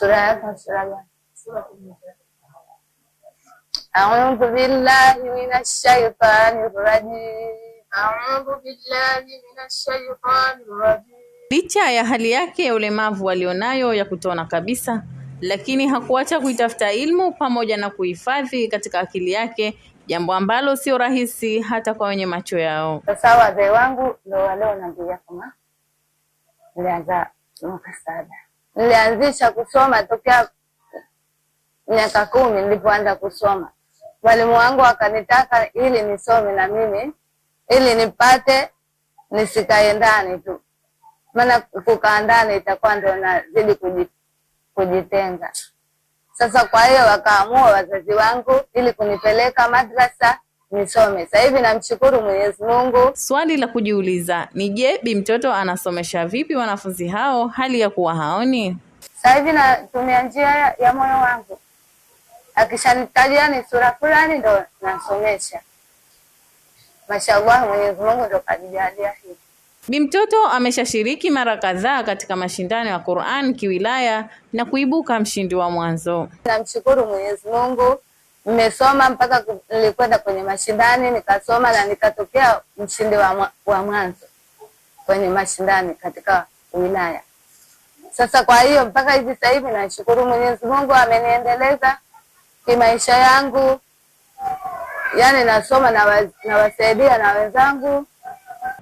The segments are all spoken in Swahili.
سورة فسورة أعوذ بالله من الشيطان الرجيم أعوذ بالله من الشيطان الرجيم Licha ya hali yake ya ulemavu alionayo ya kutoona kabisa, lakini hakuacha kuitafuta ilmu pamoja na kuhifadhi katika akili yake, jambo ambalo sio rahisi hata kwa wenye macho yao. Sasa wazee wangu ndio wale wanaambia kama nilianza mwaka saba Nilianzisha kusoma tokea miaka kumi nilipoanza kusoma. Mwalimu wangu akanitaka ili nisome na mimi ili nipate nisikae ndani tu, maana kukaa ndani itakuwa ndio nazidi kujitenga. Sasa kwa hiyo wakaamua wazazi wangu ili kunipeleka madrasa nisome. Sasa hivi namshukuru Mwenyezi Mungu. Swali la kujiuliza ni je, bi mtoto anasomesha vipi wanafunzi hao hali ya kuwa haoni? Sasa hivi natumia njia ya moyo wangu, akishanitajia ni sura fulani ndo nasomesha. Mashallah, Mwenyezi Mungu ndo kajijalia hivi. Bi mtoto ameshashiriki mara kadhaa katika mashindano ya Qur'an kiwilaya na kuibuka mshindi wa mwanzo. Namshukuru Mwenyezi Mungu nimesoma mpaka nilikwenda kwenye mashindani nikasoma na nikatokea mshindi wa, wa mwanzo kwenye mashindani katika wilaya. Sasa kwa hiyo mpaka hivi sasa hivi nashukuru Mwenyezi Mungu ameniendeleza kimaisha yangu, yani nasoma nawasaidia na, na wenzangu.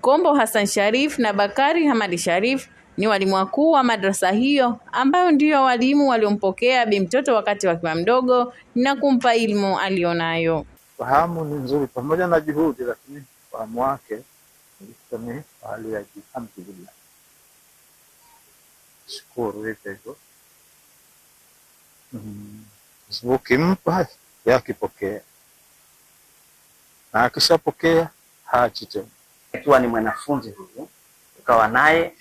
Kombo Hassan Sharif na Bakari Hamadi Sharif ni walimu wakuu wa madrasa hiyo ambayo ndio walimu waliompokea bi mtoto wakati akiwa mdogo na kumpa ilmu aliyonayo. Fahamu ni nzuri pamoja na juhudi, lakini fahamu wake ni hali ya juu. Alhamdulillah, shukuru hivyo hivyo, hmm, ukimpa yakipokea na akishapokea hachi tena. Ikiwa ni mwanafunzi huyu ukawa naye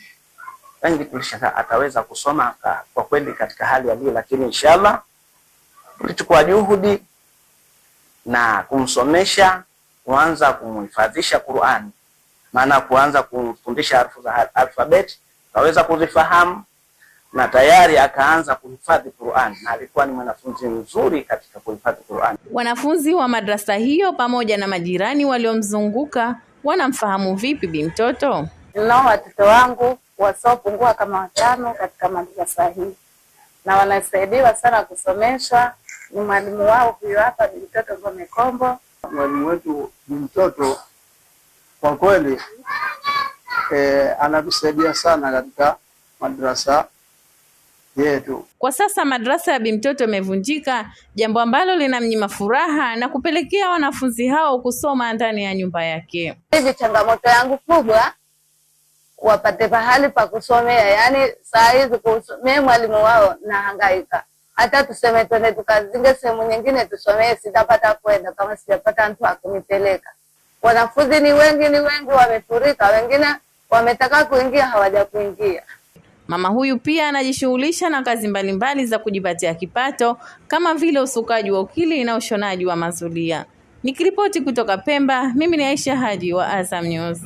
yani vipi, ataweza kusoma kwa kweli katika hali aliyo, lakini inshallah tulichukua juhudi na kumsomesha, kuanza kumhifadhisha Qur'an, maana kuanza kumfundisha harfu za alfabet kaweza kuzifahamu na tayari akaanza kuhifadhi Qur'an na alikuwa ni mwanafunzi mzuri katika kuhifadhi Qur'an. Wanafunzi wa madrasa hiyo pamoja na majirani waliomzunguka wanamfahamu vipi bi mtoto? Nao watoto wangu wasiopungua kama watano katika madrasa hii, na wanasaidiwa sana kusomeshwa. Ni mwalimu wao huyo hapa, ni mtoto Ngome Kombo. Mwalimu wetu ni mtoto kwa kweli, eh, anatusaidia sana katika madrasa yetu. Kwa sasa madrasa ya Bimtoto imevunjika, jambo ambalo linamnyima furaha na kupelekea wanafunzi hao kusoma ndani ya nyumba yake. Hivi changamoto yangu kubwa wapate pahali pa kusomea. Yani saa hizi mimi mwalimu wao nahangaika, hata tuseme twende tukazinge sehemu nyingine tusomee, sitapata kwenda kama sijapata mtu akunipeleka. Wanafunzi ni wengi, ni wengi, wamefurika, wengine wametaka kuingia, hawaja kuingia. Mama huyu pia anajishughulisha na kazi mbalimbali za kujipatia kipato kama vile usukaji wa ukili na ushonaji wa mazulia. Nikiripoti kutoka Pemba, mimi ni Aisha Haji wa Azam News.